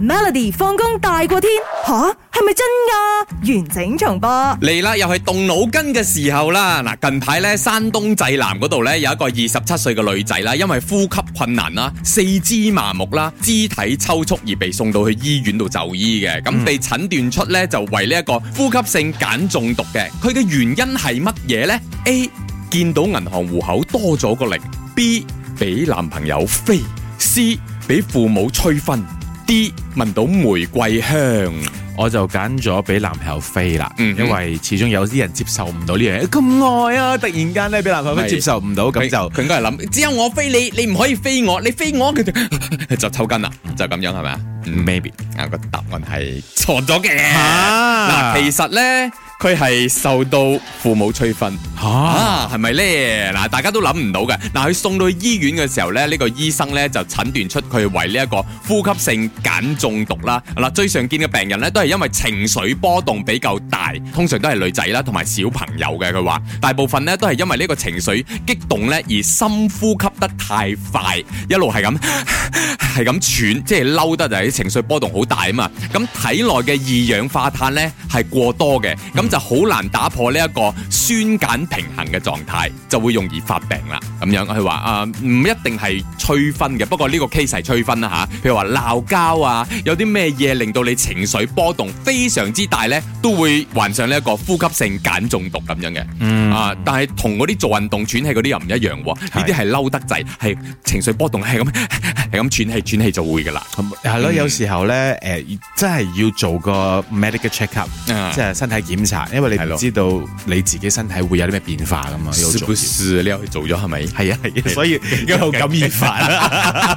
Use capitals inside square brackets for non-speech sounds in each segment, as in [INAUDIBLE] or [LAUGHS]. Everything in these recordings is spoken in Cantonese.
Melody 放工大過天，吓？係咪真噶？完整重播嚟啦，又係動腦筋嘅時候啦。嗱，近排咧，山東濟南嗰度咧有一個二十七歲嘅女仔啦，因為呼吸困難啦、四肢麻木啦、肢體抽搐而被送到去醫院度就醫嘅。咁、mm hmm. 被診斷出咧就為呢一個呼吸性鹼中毒嘅，佢嘅原因係乜嘢咧？A 見到銀行戶口多咗個零，B 俾男朋友飛，C 俾父母催婚。啲聞到玫瑰香，我就揀咗俾男朋友飛啦。嗯哼，因為始終有啲人接受唔到呢樣嘢咁耐啊，突然間咧俾男朋友飛不是接受唔到，咁他就佢應該係諗，只有我飛你，你唔可以飛我，你飛我佢就 [LAUGHS] 就抽筋啦，就咁樣係咪啊？Maybe 啊個答案係錯咗嘅。嗱，啊啊，其實咧。佢係受到父母催婚，吓係咪咧？嗱，大家都諗唔到嘅。嗱，佢送到醫院嘅時候咧，呢個醫生咧就診斷出佢為呢一個呼吸性鹼中毒啦。嗱，最常見嘅病人咧都係因為情緒波動比較大，通常都係女仔啦，同埋小朋友嘅。佢話大部分咧都係因為呢個情緒激動咧而深呼吸。得太快，一路係咁係咁喘，即係嬲得就係啲情緒波動好大啊嘛。咁體內嘅二氧化碳呢係過多嘅，咁、嗯、就好難打破呢一個酸鹼平衡嘅狀態，就會容易發病啦。咁樣佢話啊，唔、呃、一定係催婚嘅，不過呢個 case 係催婚啦吓，譬如話鬧交啊，有啲咩嘢令到你情緒波動非常之大呢，都會患上呢一個呼吸性鹼中毒咁樣嘅。嗯。啊，但係同嗰啲做運動喘氣嗰啲又唔一樣喎。係。呢啲係嬲得。就係情緒波動，係咁係咁喘氣喘氣就會噶啦。係咯，有時候咧誒、呃、真係要做個 medical check-up，嗯、即係身體檢查，因為你知道你自己身體會有啲咩變化噶嘛。你有是做咗係咪？係啊係啊，啊啊所以有感染翻。 [LAUGHS]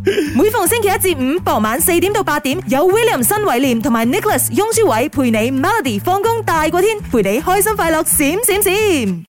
[LAUGHS] 每逢星期一至五傍晚四點到八點，有 William 新偉廉同埋 Nicholas 翁舒偉陪你 Melody 放工大過天，陪你開心快樂閃閃閃。閃閃閃閃